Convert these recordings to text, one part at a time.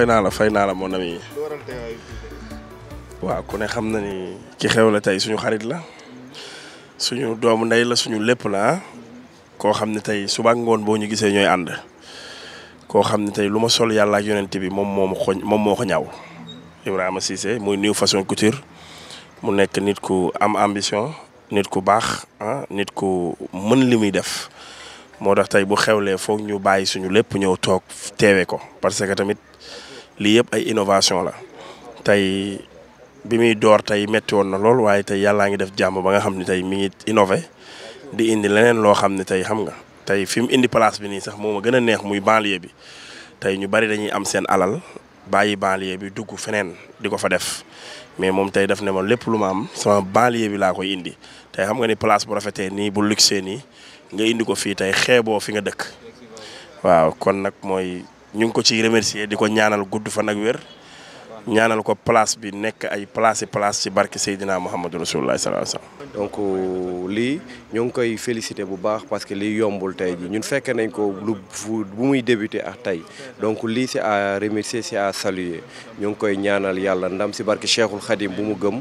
fay naa la naa la mon ami waaw ku ne xam na ni ki xew la tey suñu xarit la suñu doomu ndey la suñu lépp la koo xam ne tey suba ak ngoon boo ñu gisee ñooy ànd koo xam ne tey lu ma sol yàlla ak yonent bi moom moo ma moom moo ko ñaw Ibrahima Cissé muy New Fashion Couture mu nekk nit ku am ambition nit ku baax ah nit ku mën li muy def moo tax tey bu xewlee foog ñu bàyyi suñu lépp ñëw toog teewee ko parce que tamit lii yëpp ay innovation la tey bi muy door tey metti woon na lool waaye tey yàllaa ngi def jàmm ba nga xam ni tey mi ngi innové di indi leneen loo xam ne tey xam nga tey fi mu indi place bi nii sax moom ma gën a neex muy banlieue bi tey ñu bari dañuy am seen alal bàyyi banlieue bi dugg feneen di ko fa def mais moom tey daf ne ma lépp lu ma am sama banlieue bi laa koy indi tey xam nga ni place bu rafetee nii bu luxe nii nga indi ko fii tey xeeboo fi nga dëkk waaw kon nag mooy. ñu ngi ko ciy remercier di ko ñaanal gudd fan ak wér ñaanal ko place bi nekk ay place place ci barke Seydina Muhammadu Rasulullah sallallahu alayhi wasallam donc euh, lii ñoo ngi koy félicité bu baax parce que lii yombul tey ji ñun fekke nañ ko lu bu muy débuté ak tey donc lii c'est à remercier c'est à saluer ñoo ngi koy ñaanal yàlla ndam ci barke Cheikhul Khadim bu mu gëm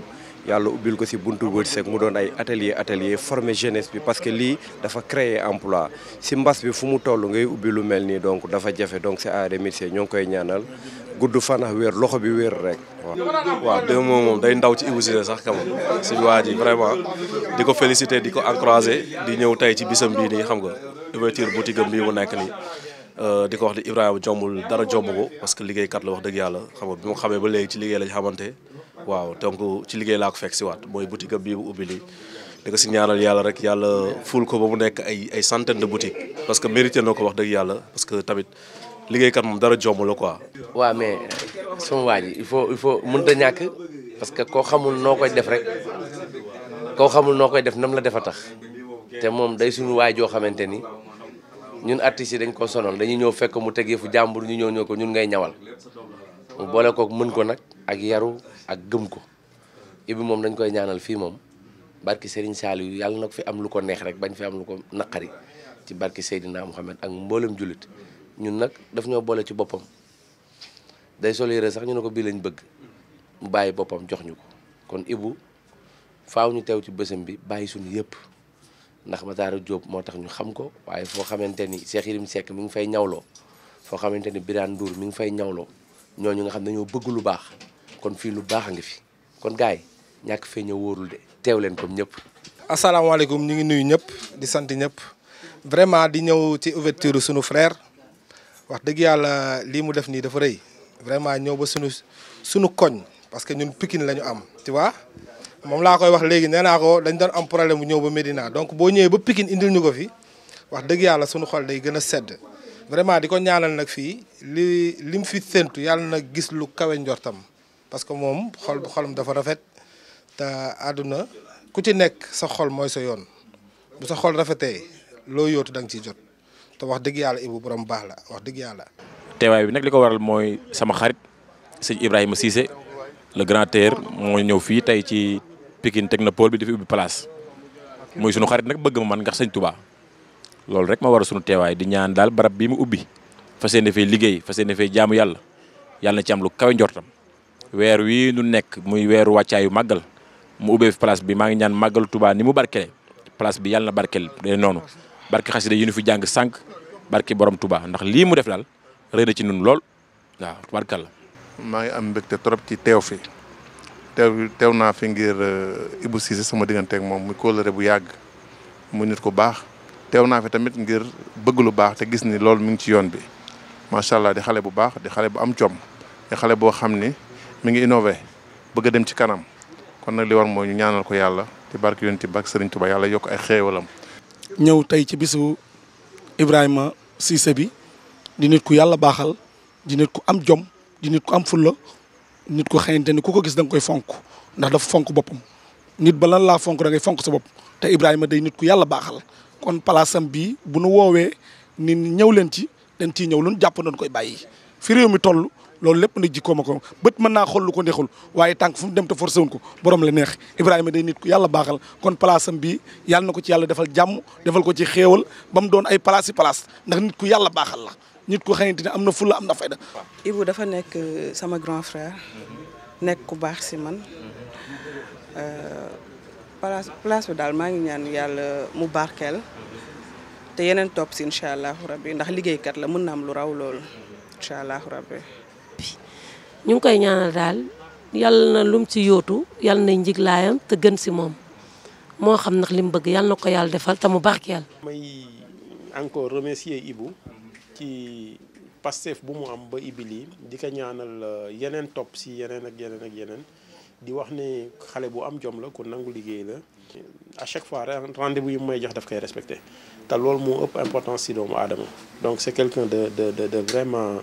yàlla ubbil ko si buntu wërsëg mu doon ay atelier atelier former jeunesse bi parce que lii dafa créer emploi si mbas bi fu mu toll ngay ubbi lu mel nii donc dafa jafe donc c'est à remercier ñoo ngi koy ñaanal gudd fana weer loxo bi wér rek waaw. waaw deux mots moom day ndaw ci Ibou sax quand même suñu waa ji vraiment di ko féliciter di ko encourager di ñëw tey ci bisam bii nii xam nga ouverture boutique am bii mu nekk nii. Euh, di ko wax di Ibrahima jombul dara jomb ko parce que liggéeykat la wax dëgg yàlla xam nga xamee ba léegi ci liggéey lañ xamante. waaw donc ci liggéey laa ko fekk si waat mooy boutique bi bii bu ubbi di ko si ñaanal yàlla rek yàlla ful ko ba mu nekk ay ay centaine de boutiques parce que mérité na ko wax dëgg yàlla parce que tamit liggéeykat moom dara jomb ko waa waaw mais sama waa ji il faut il faut mun a ñàkk parce que koo xamul noo koy def rek koo xamul noo koy def nam la defa tax te moom day suñu waay joo xamante ni ñun artistes yi dañ ko sonal dañuy ñëw fekk mu teg fu jàmbur ñu ñëw ñëw ko ñun ngay ñawal. mu boole kook mën ko nag ak yaru ak gëm ko ibi moom dañ koy ñaanal fii moom barki Serigne Saliou yàlla na ko fi am lu ko neex rek bañ fi am lu ko naqari ci barki Seydina Mouhamed ak mboolem jullit ñun nag daf ñoo boole ci boppam day sol sax ñu ne ko bii lañ bëgg mu bàyyi boppam jox ñu ko kon ibu faaw ñu teew ci bësëm bi bàyyi suñu yëpp ndax Matara jóob moo tax ñu xam ko waaye foo xamante ni seex Yérim sekk mu ngi fay ñawloo foo xamante ni Birane Ndour mi ngi fay ñawloo ñooñu nga xam ne ñoo bëggul lu baax kon fii lu baax a ngi fi kon gars yi ñàkk fee ñëw wóorul de teew leen comme ñëpp. asalaamaaleykum ñu ngi nuyu ñëpp di sant ñëpp vraiment di ñëw ci ouverture sunu frère wax dëgg yàlla lii mu def nii dafa rëy vraiment ñëw ba suñu suñu koñ parce que ñun Pikine la ñu am tu waa moom laa koy wax léegi nee naa ko dañ doon am problème bu ñëw ba Médina donc boo ñëwee ba pikin indil ñu ko fi wax dëgg yàlla suñu xol day gën a sedd. vraiment di ko ñaanal nag fii li li mu fi séntu yàlla na gis lu kawe njortam parce que moom xol xolam dafa rafet te àdduna ku ci nekk sa xol mooy sa yoon bu sa xol rafetee loo yootu da nga ciy jot te wax dëgg yàlla Ibou borom baax la wax dëgg yàlla. teewaay bi nag li ko waral mooy sama xarit sëñ Ibrahima Cissé le grand terre moo ñëw fii tey ci Pikine Technopole bi dafa ubbi place mooy sunu xarit nag bëgg ma man ndax sëñ Touba. loolu rek ma war a sunu teewaay di ñaan daal barab bi mu ubbi fas seen fay liggéey fas yéene fay jaamu yàlla yàlla na ci am lu kawe njortam weer wii nu nekk muy weeru wàccaayu màggal mu ubbee fi place bi maa ngi ñaan màggal Tuubaa ni mu barkele place bi yàlla na barkel de noonu barke xasida yu nu fi jàng sànq barke borom Tuubaa ndax lii mu def daal rëy ci nun lool waaw barkal la maa ngi am mbégte trop ci teew fi teew naa fi ngir euh, Ibou Cissé sama digganteeg moom mu muy kóllëre bu yàgg mu nit ku baax teew naa fi tamit ngir bëgg lu baax te gis ni loolu mu ngi ci yoon bi macha allah di xale bu baax di xale bu am jom di xale boo xam ni mi ngi innové bëgg a dem ci kanam kon nag li war mooy ñu ñaanal ko yàlla ci barke yonent bi ak Serigne Touba yàlla yokk ay xéewalam. ñëw tey ci bisu Ibrahima Cissé bi di nit ku yàlla baaxal di nit ku am jom di nit ku am fulla nit ku xëyante ni ku ko gis da koy fonk ndax dafa fonk boppam nit ba lan laa fonk da fonk sa bopp te Ibrahima day nit ku yàlla baaxal. kon palaasam bii bu nu woowee ni ñëw leen ci dañ ciy ñëw lu ñu jàpp doon koy bàyyi fi réew mi toll loolu lépp nag jikkooma ko bët mën naa xool ko neexul waaye tànk fu dem te forcé wuñ ko borom la neex Ibrahima day nit ku yàlla baaxal kon palaasam bi yàlla na ko ci yàlla defal jàmm defal ko ci xéewal ba mu doon ay palaas yi palaas ndax nit ku yàlla baaxal la nit ku xamante ne am na fulla am na fayda. Ibou dafa nekk euh, sama grand frère nekk baax si man. Euh, place place bi daal maa ngi ñaan yàlla mu barkeel te yeneen topp si incha allahu rabbi ndax liggéeykat la mën na am lu raw loolu incha allahu rabbi ñu ngi koy ñaanal daal yàlla na lum ci yootu yàlla na njiglaayam te gën si moom moo xam nag li mu bëgg yàlla na ko yàlla defal te mu barkeel. may encore remercier Ibou ci Pastef bu mu am ba ibi lii di ko ñaanal euh, yeneen topp si yeneen yeneen ak yeneen. di wax ne xale bu am jom la ku nangu liggéey la à chaque fois rendez-vous yi may jox daf koy respecte te lool moo ëpp important si doomu aadama donc c'est quelqu'un de de de de vraiment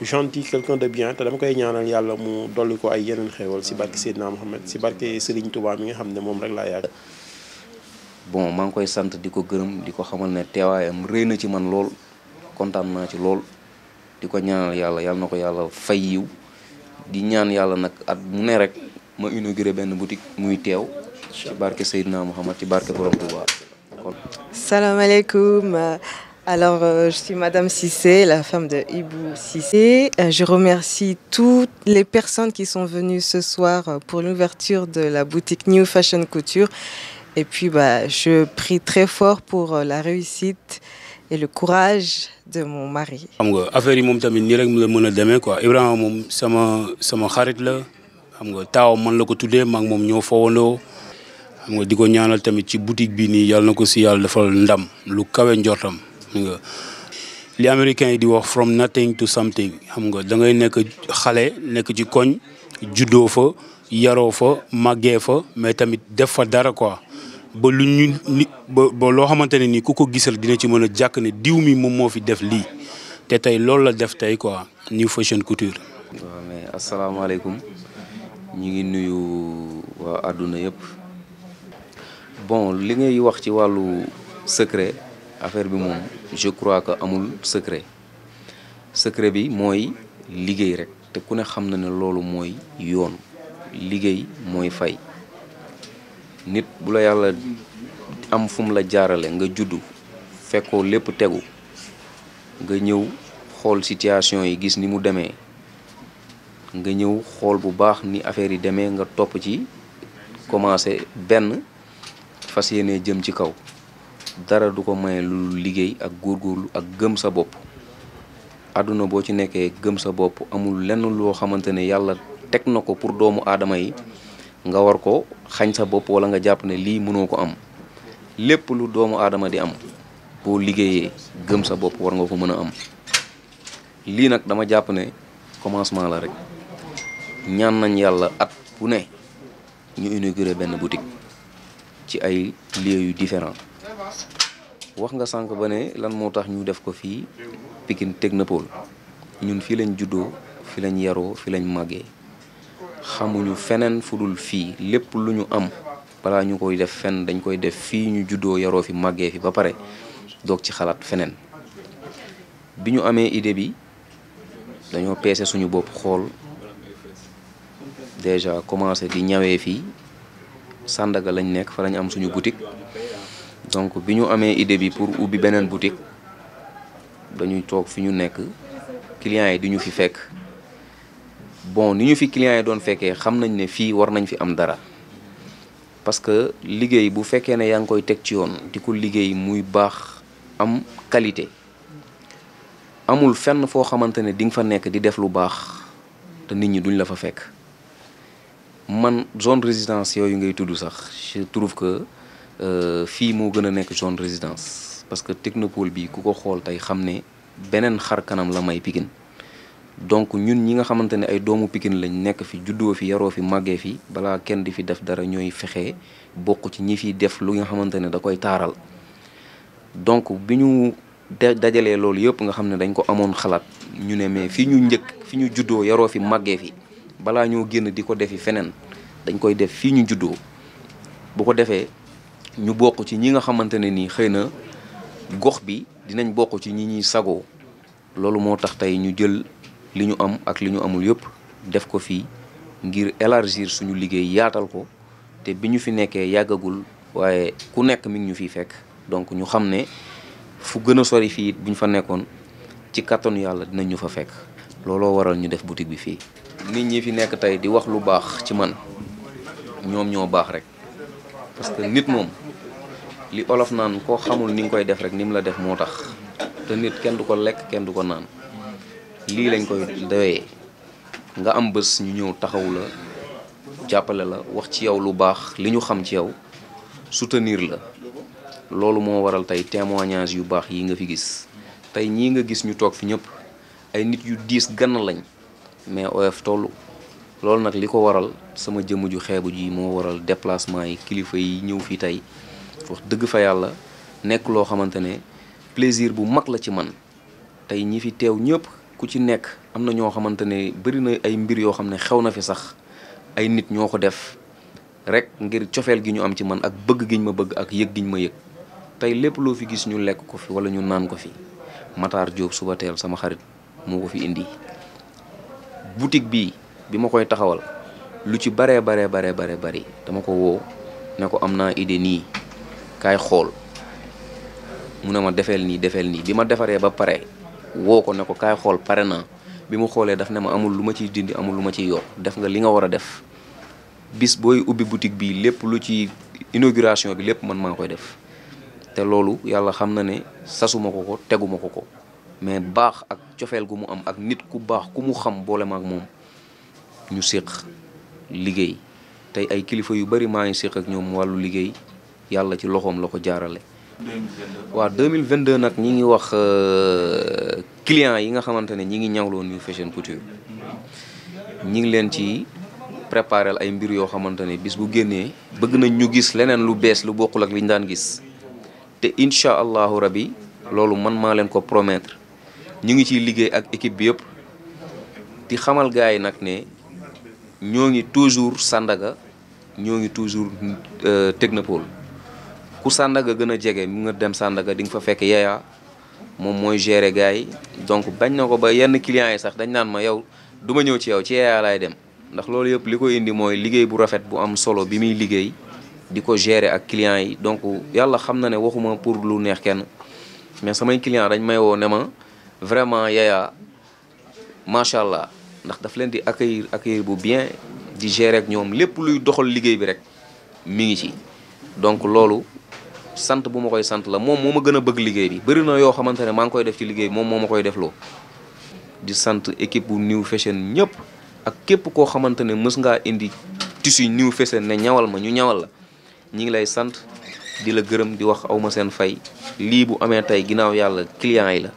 gentil quelqu'un de bien te dama koy ñaanal yàlla mu dolli ko ay yeneen xéewal si barke Seydina Mohamed si barke Serigne Touba mi nga xam ne moom rek laa yàgg. bon maa ngi koy sant di ko gërëm di ko xamal ne teewaayam rëy na ci man lool kontaan naa ci lool di ko ñaanal yàlla yàlla na ko yàlla fay yiw yàlla nag at rek. ma inauguré benn boutique muy teew ci barke Seydina Mouhamad ci barke Borom Touba. salaamaaleykum alors euh, je suis Madame Cissé la femme de Ibou Cissé euh, je remercie toutes les personnes qui sont venues ce soir euh, pour l'ouverture de la boutique New Fashion Couture et puis bah je prie très fort pour la réussite et le courage de mon mari. xam nga affaire yi moom tamit nii rek mu la mën a demee quoi Ibrahima moom sama sama xarit la. xam nga taaw man la ko tuddee mag moom ñoo fowandoo xam nga di ko ñaanal tamit ci boutique bi nii yàlla na ko si yàlla defal ndam lu kawe njortam xam nga li américain yi di wax from nothing to something xam nga da ngay nekk xale nekk ci koñ juddoo fa yaroo fa màggee fa mais tamit def fa dara quoi ba lu ñu ni ba loo xamante ne nii ku ko gisal dina ci mën a jàkk ne diw mi moom moo fi def lii te tey loolu la def tey quoi new fashion couture. ñu ngi nuyu waa àdduna yëpp bon li ngay wax ci wàllu secret affaire bi moom je crois que amul secret secret bi mooy liggéey rek te ku ne xam na ne loolu mooy yoon liggéey mooy fay nit bu la yàlla am fu mu la jaarale nga juddu fekkoo lépp tegu nga ñëw xool situation yi gis ni mu demee nga ñëw xool bu baax ni affaire yi demee nga topp ci commencé benn fas yéene jëm ci kaw dara du ko maye lu liggéey ak góorgóorlu ak gëm sa bopp àdduna boo ci nekkee gëm sa bopp amul lenn loo xamante ne yàlla teg na ko pour doomu aadama yi nga war ko xañ sa bopp wala nga jàpp ne lii mënoo ko am lépp lu doomu aadama di am boo liggéeyee gëm sa bopp war nga ko mën a am lii nag dama jàpp ne commencement la rek ñaan nañ yàlla at bu ne ñu inauguré benn boutique ci ay lieux yu différent wax nga sànq ba ne lan moo tax ñu def ko fii na Technopole ñun fii lañ juddoo fi lañ yaroo fi lañ màggee xamuñu feneen fudul fii lépp lu ñu am balaa ñu koy def fenn dañ koy def fii ñu juddoo yaroo fi màggee fi ba pare doog ci xalaat feneen bi ñu amee idée bi dañoo peese suñu bopp xool déjà commencé di ñawee fii Sandaga lañ nekk fa lañ am suñu boutique donc bi ñu amee idée bi pour ubbi beneen boutique dañuy toog fi ñu nekk clients yi di ñu fi fekk bon ni ñu fi clients yi doon fekkee xam nañ ne fii war nañ fi am dara parce que liggéey bu fekkee ne yaa ngi koy teg ci yoon di ko liggéey muy baax am qualité amul fenn foo xamante ne di nga fa nekk di def lu baax te nit ñi duñ la fa fekk man zone résidence yooyu ngay tudd sax je trouve que euh, fii moo gën a nekk zone résidence parce que technopole bi ku ko xool tey xam ne beneen xar kanam la may Pikine donc ñun ñi nga xamante ne ay doomu Pikine lañ nekk fi juddoo fi yaroo fi màggee fi balaa kenn di fi def dara ñooy fexe bokk ci ñi fi def lu nga xamante ne da koy taaral donc bi ñu dajalee loolu yëpp nga xam ne dañ ko amoon xalaat ñu ne mais fi ñu njëkk fi ñu juddoo yaroo fi màggee fi balaa ñoo génn di ko defi feneen dañ koy def fii ñu juddoo bu ko defee ñu bokk ci ñi nga xamante ne nii xëy na gox bi dinañ bokk ci ñi ñuy sagoo loolu moo tax tey ñu jël li ñu am ak li ñu amul yëpp def ko fii ngir élargir suñu liggéey yaatal ko te bi ñu fi nekkee yàggagul waaye ku nekk mi ñu fiy fekk donc ñu xam ne fu gën a sori fii bu ñu fa nekkoon ci kattanu yàlla dinañ ñu fa fekk looloo waral ñu def boutique bi fii nit ñi fi nekk tey di wax lu baax ci man ñoom ñoo baax rek parce que nit moom li olof naan koo xamul ni nga koy def rek ni mu la def moo tax te nit kenn du ko lekk kenn du ko naan lii lañ koy dawee nga am bés ñu ñëw taxawu la jàppale la wax ci yow lu baax li ñu xam ci yow soutenir la loolu moo waral tey témoignage yu baax yi nga fi gis tey ñii nga gis ñu toog fi ñëpp ay nit yu diis gann lañ mais oyof toll loolu nag li ko waral sama jëmm ju xeebu ji moo waral déplacement yi kilifa yi ñëw fii tey wax dëgg fa yàlla nekk loo xamante ne plaisir bu mag la ci man tey ñi fi teew ñëpp ku ci nekk am na ñoo xamante ne bëri na ay mbir yoo xam ne xew na fi sax ay nit ñoo ko def rek ngir cofeel gi ñu am ci man ak bëgg giñ ma bëgg ak yëg giñ ma yëg tey lépp loo fi gis ñu lekk ko fi wala ñu naan ko fi Matar Diop suba teel sama xarit moo ko fi indi boutique bii bi ma koy taxawal lu ci baree baree baree baree bari dama ko woo ne ko am naa idée nii kaay xool mun ne ma defeel nii defeel nii bi ma defaree ba pare woo ko ne ko kaay xool pare naa bi mu xoolee daf ne ma amul lu ma ciy dindi amul lu ma ciy yokk def nga li nga war a def bis booy ubbi boutique bii lépp lu ci inauguration bi lépp man maa koy def te loolu yàlla xam na ne sasuma ko ko teguma ko ko mais baax ak cofeel gu mu am ak nit ku baax ku mu xam boole maak moom ñu séq liggéey tey ay kilifa yu bari maa ngi séq ak ñoom wàllu liggéey yàlla ci loxoom la ko jaarale. waaw 2022 nag ñi ngi wax euh, clients yi nga xamante ne ñi ngi ñawloon New Fashion Couture ñi ngi leen ci préparel ay mbir yoo xamante ne bis bu génnee bëgg nañ ñu gis leneen lu bees lu bokkul ak liñ daan gis te incha allahu rabi loolu man maa leen ko promettre ñu ngi ciy liggéey ak équipe bi yëpp di xamal gars yi nag ne ñoo ngi toujours Sandaga ñoo ngi toujours na euh, technopole ku Sandaga gën a jege mu nga dem Sandaga di nga fa fekk Yaya moom mooy gérer gars yi donc bañ na ko ba yenn clients yi sax dañ naan ma yow duma ñëw ci yow ci Yaya laay dem ndax loolu yëpp li ko indi mooy liggéey bu rafet bu am solo bi muy liggéey di ko gérer ak clients yi donc yàlla xam na ne waxuma pour lu neex kenn mais samay clients dañ may woo ne ma vraiment Yaya macha allah ndax daf leen di accueillir accueillir bu bien di gérer ak ñoom lépp luy doxal liggéey bi rek mi ngi ci. donc loolu sant bu ma koy sant la moom moo ma gën a bëgg liggéey bi bëri na yoo xamante ne maa ngi koy def ci liggéey bi moom moo ma koy defloo. di sant équipe bu New Fashion ñëpp ak képp koo xamante ne mës ngaa indi tissu New Fashion ne ñawal ma ñu ñawal la ñi ngi lay sant di la gërëm di wax awma seen fay lii bu amee tey ginnaaw yàlla client yi la.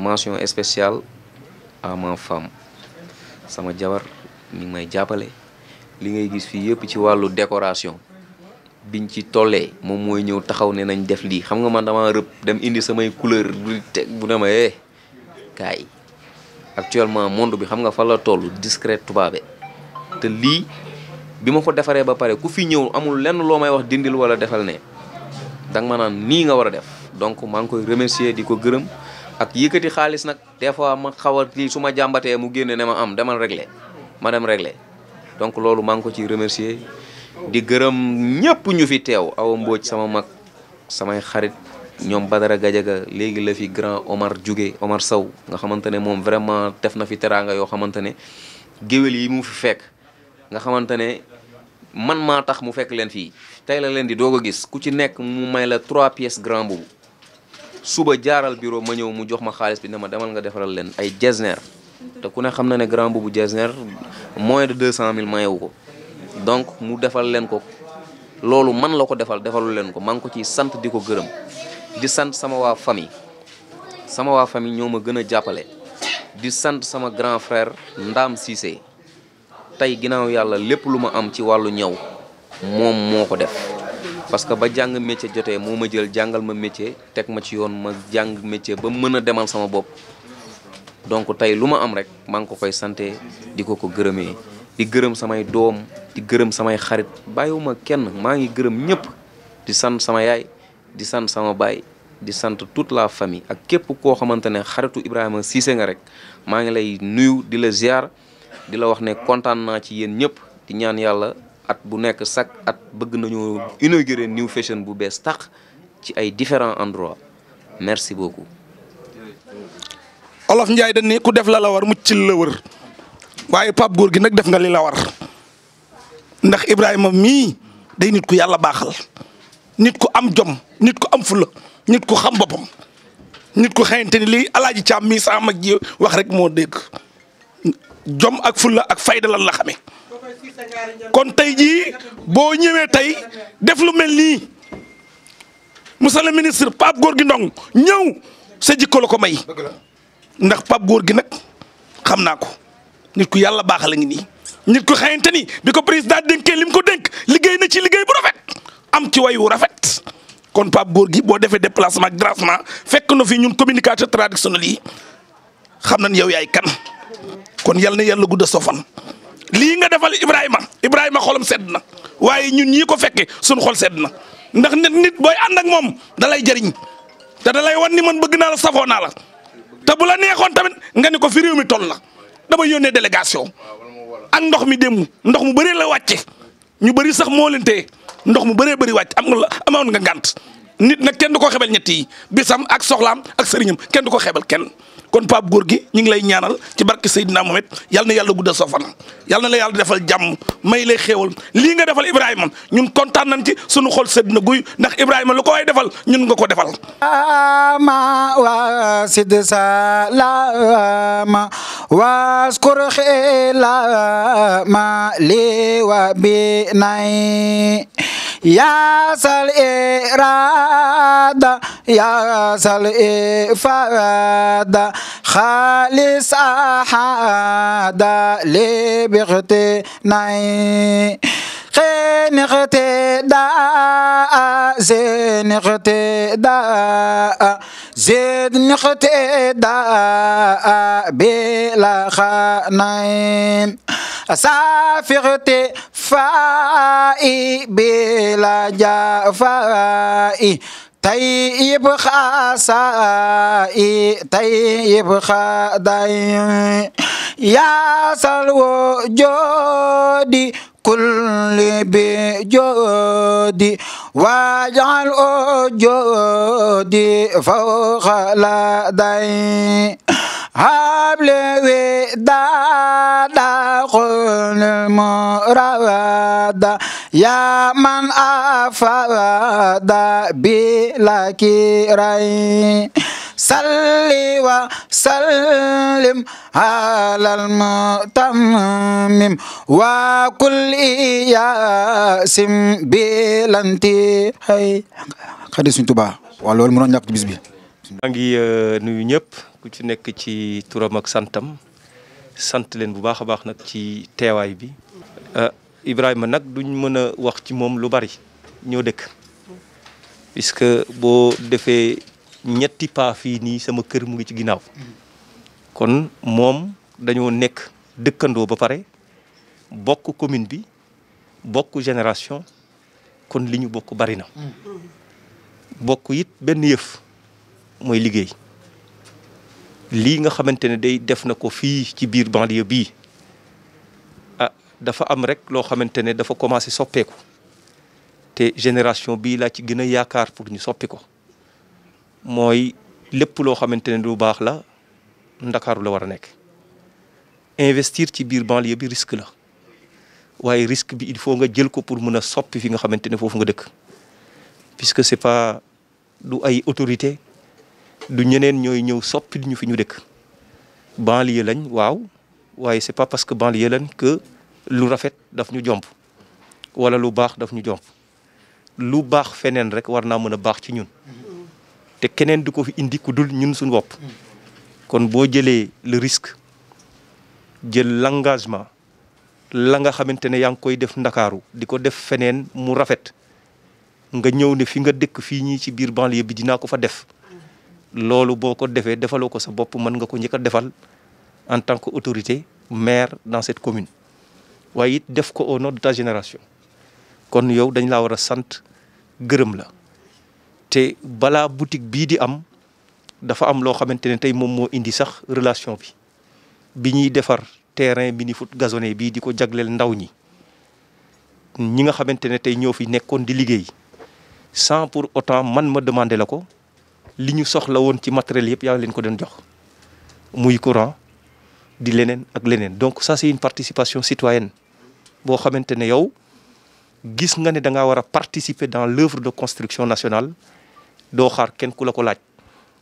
mention spéciale à ma femme sama jabar mi may jàppale li ngay gis fii yëpp ci wàllu décoration biñ ci tollee moom mooy ñëw taxaw ne nañ def lii xam nga man dama rëb dem indi samay couleur bu ne ma eh kaay actuellement monde bi xam nga fa la toll discret tubaabe te lii bi ma ko defaree ba pare ku fi ñëw amul lenn loo may wax dindil wala defal ne danga ma naan nii nga war a def donc maa ngi koy remercier di ko gërëm ak yëkkati xaalis nag des fois ma xaw a kii su ma jàmbatee mu génne ne ma am demal réglé ma dem réglé donc loolu maa ngi ko ciy remercier di gërëm ñëpp ñu fi teew awa mbóoj sama mag samay xarit ñoom ba Badara Gajaga léegi la fi grand Omar jóge Omar saw nga xamante ne moom vraiment def na fi teraanga yoo xamante ne géwél yi mu fi fekk nga xamante ne man maa tax mu fekk leen fii tey la leen di doog a gis ku ci nekk mu may la trois pièces grand boobu suba jaaral bureau ma ñëw mu jox ma xaalis bi ne ma demal nga defaral leen ay jesner te ku ne xam na ne grand boobu jesner moins de deux cent mille mayewu ko donc mu defal leen ko loolu man la ko defal defalu leen ko maa ngi ko ciy sant di ko gërëm di sant sama waa famille sama waa famille ñoo ma gën a jàppale di sant sama grand frère ndaam Cissé tey ginnaaw yàlla lépp lu ma am ci wàllu ñaw moom moo ko def parce que ba jàng métier jotee moo ma jël jàngal ma métier teg ma ci yoon ma jàng métier ba mën a demal sama bopp donc tey lu ma am rek maa ngi ko koy sante di ko ko gërëmee di gërëm samay doom di gërëm samay xarit bàyyiwuma kenn maa ngi gërëm ñëpp di sant sama yaay di sant sama baay di sant tout la famille ak képp koo xamante ne xaritu Ibrahima Cissé nga rek maa ngi lay nuyu di la ziar di la wax ne kontaan naa ci yéen ñëpp di ñaan yàlla at bu nekk chaque at bëgg nañu inaugurer new fashion bu bees tax ci ay différents endroits merci beaucoup. Olof Njaay dañ ne ku def la la war ci la wër waaye Pape Góor gi nag def nga li la war ndax Ibrahima mii day nit ku yàlla baaxal nit ku am jom nit ku am fula nit ku xam boppam nit ku xayante ni lii alaaji caam mii sama mag ji wax rek moo dégg jom ak fula ak fayda lan la xamee. kon tey jii boo ñëwee tey def lu mel nii monsieur le ministre góor gi Ndong ñëw sa jikko la ko may ndax góor gi nag xam naa ko nit ku yàlla baax la ngi nii nit ku xayante ni bi ko président dénkee li mu ko denk liggéey na ci liggéey bu rafet am ci way rafet kon Pape gi boo defee déplacement ak fekk na fi ñun communicateur traditionnel yi xam nañ yow yaay kan kon yal na yàlla gudd a sofan lii nga defal Ibrahima Ibrahima xolam sedd na waaye ñun ñii ko fekke sunu xol sedd na ndax nit nit booy ànd ak moom dalay jëriñ te lay wan ni man bëgg naa la safoo naa la te bu la neexoon tamit nga ni ko fi réew mi toll la dama yónnee délégation ak ndox mi démb ndox mu bëree la wàcce ñu bëri sax moo ndox mu bëree bëri wàcc am nga la amoon nga ngànt nit nag kenn du ko xebal ñett yi bisam ak soxlaam ak sëriñam kenn du ko xebal kenn kon Pape Góor gi ñu ngi lay ñaanal ci barke Seydina Mohamed yal na yàlla guddal sa fan yal na la yàlla defal jàmm may lay xéewal lii nga defal Ibrahima ñun kontaan nañ ci sunu xol sedd na guy ndax Ibrahima lu ko way defal ñun nga ko defal. ama wasid salama waskur xilama li wa bi nay يا سل إرادة يا سل إفادة خالص أحد لبغتني خنقتي داء زنقتي داء زنقتي داء بلا خنين أسافقتي fa'i bila jafa'i طيب خاسائي طيب خادي يا سلو جودي كل بجودي واجعل جودي فوق لدي حبل وداد قل المراد يا من أفاد بلا كري salli wa sallim alal mutammim wa kulli yaasim bilanti hay xadi suñ Tuubaa waaw loolu mënoon ñàkk ci bis bi maa ngi euh, nuyu ñëpp ku ci nekk ci turam ak santam sant leen bu baax a baax nag ci teewaay bi. Ah, Ibrahima nag duñ mën a wax ci moom lu bari ñoo dëkk puisque boo defee ñetti pas fii nii sama kër mu ngi ci ginnaaw kon moom dañoo nekk dëkkandoo ba pare bokk commune bi bokk génération kon li ñu bokk bari na mm. bokk it benn yëf mooy liggéey. lii nga xamante ne day def na ko fii ci biir banlieue bii ah dafa am rek loo xamante ne dafa commencé soppeeku te génération bii laa ci gën a yaakaar pour ñu soppi ko mooy lépp loo xamante ne lu baax la ndakaaru la war a nekk investir ci biir banlieue bi risque la waaye risque bi il faut nga jël ko pour mun a soppi fi nga xamante ne foofu nga dëkk puisque c'est pas du ay autorité du ñeneen ñooy ñëw soppi ñu fi ñu dëkk banlieue lañ waaw waaye c'est pas parce que banlieue lañ que lu rafet daf ñu jomb wala lu baax daf ñu jomb lu baax feneen rek war naa mën a baax ci ñun te keneen du ko fi indi ku dul ñun suñu bopp kon boo jëlee le risque jël l'engagement la nga xamante ne yaa ngi koy def ndakaaru di ko def feneen mu rafet nga ñëw ne fi nga dëkk fii ñii ci biir banlieue bi dinaa ko fa def loolu boo ko defee defaloo ko sa bopp mën nga ko njëkk a defal en tant que autorité maire dans cette commune waaye it def ko au nom de ta génération kon yow dañ laa war a sant gërëm la te balaa boutique bii di am dafa am loo xamante ne tey moom moo indi sax relation bi bi ñuy defar terrain bi mini foot gazonné bii di ko jagleel ndaw ñi ñi nga xamante ne tey ñoo fi nekkoon di liggéey sans pour autant man ma demander la ko li ñu soxla woon ci matériel yëpp yaa leen ko doon jox muy courant di leneen ak leneen donc ça c'est une participation citoyenne boo xamante ne yow gis nga ne da ngaa war a participer dans l'œuvre de construction nationale doo xaar kenn ku la ko laaj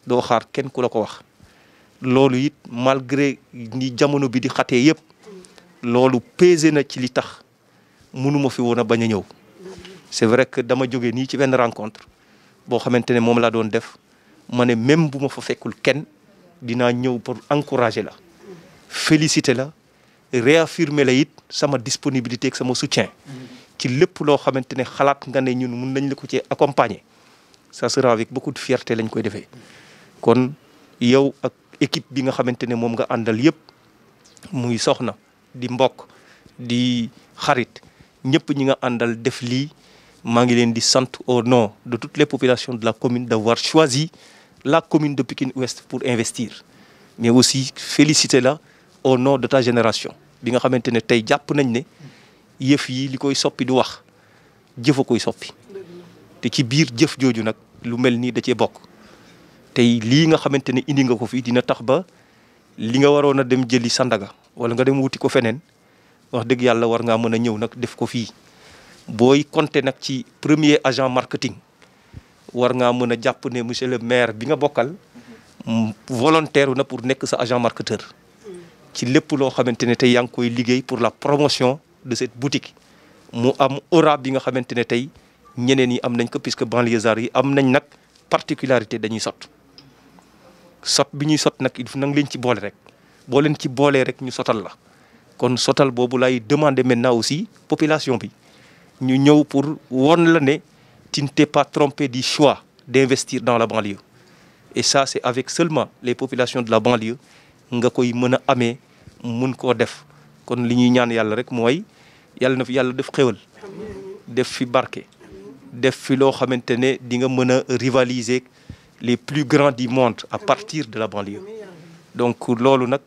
doo xaar kenn ku la ko wax loolu it malgré ni jamono bi di xatee yëpp loolu pesé na ci li tax mënuma fi woon a bañ a ñëw c'est vrai que dama jógee nii ci benn rencontre boo xamante ne moom laa doon def ma ne même bu ma fa fekkul kenn dinaa ñëw pour encourager la féliciter la réaffirmer la it sama disponibilité ak sama soutien ci lépp loo xamante ne xalaat nga ne ñun mun nañ la ko ci accompagner sa sera avec beaucoup de fierté lañ koy defee kon yow ak équipe bi nga xamante ne moom nga àndal yëpp muy soxna di mbokk di xarit ñëpp ñi nga àndal def lii maa ngi leen di sant au nom de toutes les populations de la commune d'avoir choisi la commune de pikine west pour investir mais aussi féliciter la au nom de ta génération bi nga xamante ne tey jàpp nañ ne yëf yi li koy soppi du wax jëf a koy soppi te ci biir jëf jooju nag lu mel nii da cee bokk tey lii nga xamante ne indi nga ko fi dina tax ba li nga waroon a dem jëli Sandaga wala nga dem wuti ko feneen wax dëgg yàlla war ngaa mën a ñëw nag def ko fii booy konte nag ci premier agent marketing war ngaa mën a jàpp ne monsieur le maire bi nga bokkal volontaire na pour nekk sa agent marketeur ci lépp loo xamante ne tey yaa ngi koy liggéey pour la promotion de cette boutique mu am aura bi nga xamante ne tey ñeneen yi am nañ ko puisque banlieusards yi am nañ nag particularité dañuy sot sot bi ñuy sot nag il faut nang leen ci boole rek boo leen ci boolee rek ñu sotal la kon sotal boobu lay demander maintenant aussi population bi ñu ñëw pour won la ne tu ne t'es pas trompé du choix d'investir dans la banlieue et ça c'est avec seulement les populations de la banlieue nga koy mën a amee mun koo def kon li ñuy ñaan yàlla rek mooy yàlla na fi yàlla def xéwal def fi barke def fi loo xamante ne di nga mën a rivaliser les plus grands du monde à partir de la banlieue donc loolu nag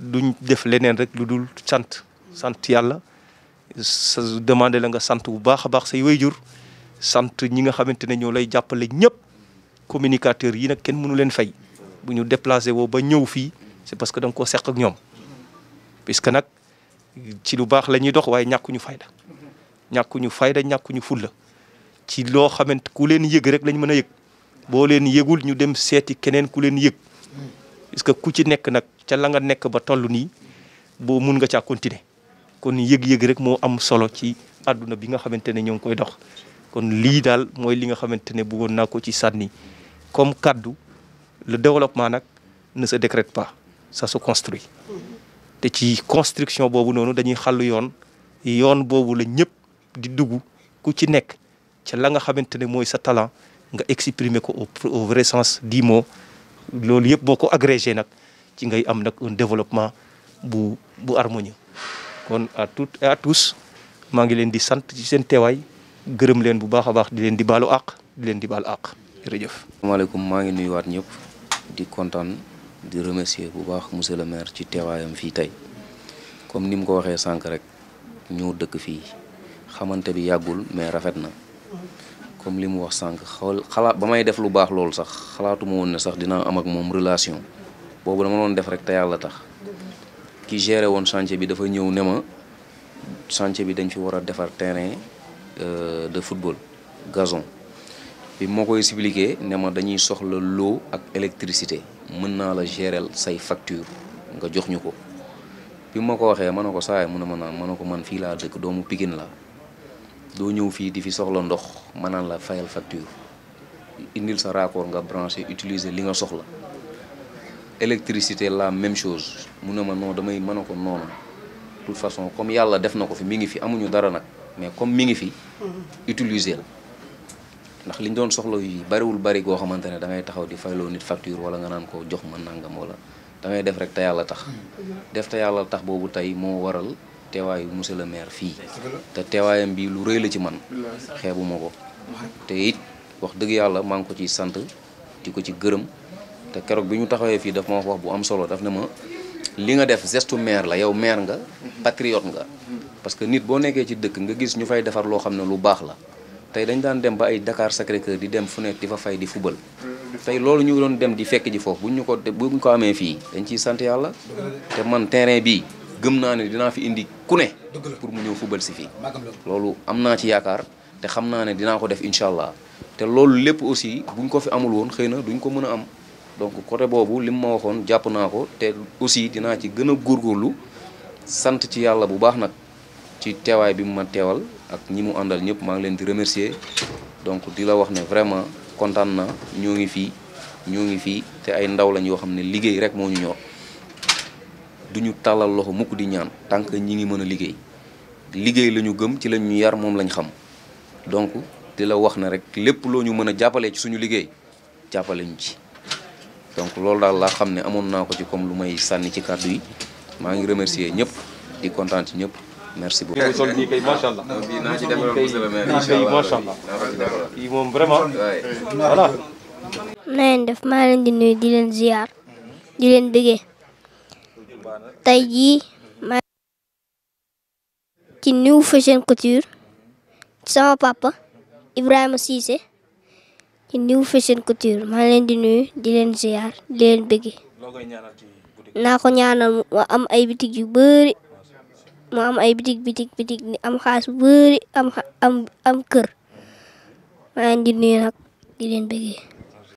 duñ def leneen rek lu dul sant sant yàlla sa demandé la nga sant bu baax a baax say wayjur sant ñi nga xamante ne ñoo lay jàppale ñëpp communicateurs yi nag kenn mënu leen fay bu ñu déplacé woo ba ñëw fii c'est parce que da nga koo seq ak ñoom que nag ci lu baax la ñuy dox waaye ñàkkuñu fayda ñàkkuñu fayda ñàkkuñu fulla ci loo xamante ku leen yëg rek lañ mën a yëg boo leen yëgul ñu dem seeti keneen ku leen yëg parce que ku ci nekk nag ca la nga nekk ba toll nii boo mun nga caa continuer kon yëg-yëg rek moo am solo ci àdduna bi nga xamante ne ñoo ngi koy dox kon lii daal mooy li nga xamante ne buggoon naa ko ci sànni comme kaddu le développement nag ne se décrète pas sa se construit mm-hmm. te ci construction boobu noonu dañuy xàllu yoon yoon boobu la ñëpp di dugg ku ci nekk ca la nga xamante ne mooy sa talent nga exprimer ko au vrai di du mot loolu yëpp boo ko agrégé nag ci ngay am nag un développement bu bu harmonieux kon à toutes à tous maa ngi leen di sant ci seen teewaay gërëm leen bu baax a baax di leen di baalu àq di leen di baal àq rëjëf asalaamaaleykum maa ngi nuyuwaat ñëpp di kontaan di remercier bu baax monsieur le maire ci teewaayam fii tey comme ni mu ko waxee sànq rek ñoo dëkk fii xamante bi yàggul mais rafet na comme li mu wax sànq xool xalaat ba may def lu baax loolu sax xalaatuma woon ne sax dinaa am ak moom relation boobu dama doon def rek te yàlla tax ki gere woon chantier bi dafa ñëw ne ma chantier bi dañ fi war a defar terrain. Euh, de football gazon bi moo koy expliqué ne ma dañuy soxla l'eau ak électricité mën naa la gérer say facture nga jox ñu ko bi ma ko waxee man ne ko saay mu ne ma naan ma ne ko man fii laa dëkk doomu Pikine la doo ñëw fii di fi soxla ndox ma la fayal facture indil sa raccord nga branché utiliser li nga soxla électricité la même chose mu ne ma non damay mën a ko noonu de façon comme yàlla def na ko fi mi ngi fi amuñu dara nag mais comme mi ngi fi. utiliser la ndax li ñu doon soxla yi bariwul bari goo xamante ne da taxaw di fayloo nit facture wala nga naan ko jox ma nangam wala da def rek te yàlla tax. def te yàlla tax boobu tey moo waral teewaayu monsieur le maire fii. te teewaayam bii lu rëy la ci man. xeebu ma ko. te it wax dëgg yàlla maa ngi ko ciy sant di ko ci gërëm te keroog bi ñu taxawee fii daf ma wax wax bu am solo daf ne ma li nga def gestu maire la yow maire nga. patriote parce que nit boo nekkee ci dëkk nga gis ñu fay defar loo xam ne lu baax la tey dañ daan dem ba ay dakaar Sacré-Cœur di dem fu ne di fa fay di fubal tey loolu ñu doon dem di fekk ji foofu bu ñu ko buñ ko amee fii dañ ciy sant yàlla te man terrain bii gëm naa ne dinaa fi indi ku ne pour mu ñëw fubal si fii loolu am naa ci yaakaar te xam naa ne dinaa ko def incha allah te loolu lépp aussi buñ ko fi amul woon xëy na duñ ko mën a am donc côté boobu lim mu ma waxoon jàpp naa ko te aussi dinaa ci gën a góorgóorlu sant ci yàlla bu baax nag ci teewaay bi mu ma teewal ak ñi mu àndal ñëpp maa ngi leen di remercier donc di la wax ne vraiment kontaan na ñoo ngi fii ñoo ngi fii te ay ndaw lañ yoo xam ne liggéey rek moo ñu ñor du ñu tàllal loxo mukk di ñaan tant ñi ngi mën a liggéey liggéey la ñu gëm ci lañ ñu yar moom lañ xam donc di la wax na rek lépp loo ñu mën a jàppalee ci suñu liggéey jàppale ñu ci donc loolu daal laa xam ne amoon naa ko ci comme lu may sànni ci kàddu yi maa ngi remercier ñëpp di kontaan ci ñëpp merci na ngeen def di nuyu di leen ziar. di leen ci New Fashion Couture. sama papa Ibrahima Cissé. ci New Fashion Couture maa di nuyu di leen ziar di naa ko ñaanal am ay bitig yu mu ay bitig bitig bitig ni am xaas bu bëri am kër maa ngi di nuyu nag di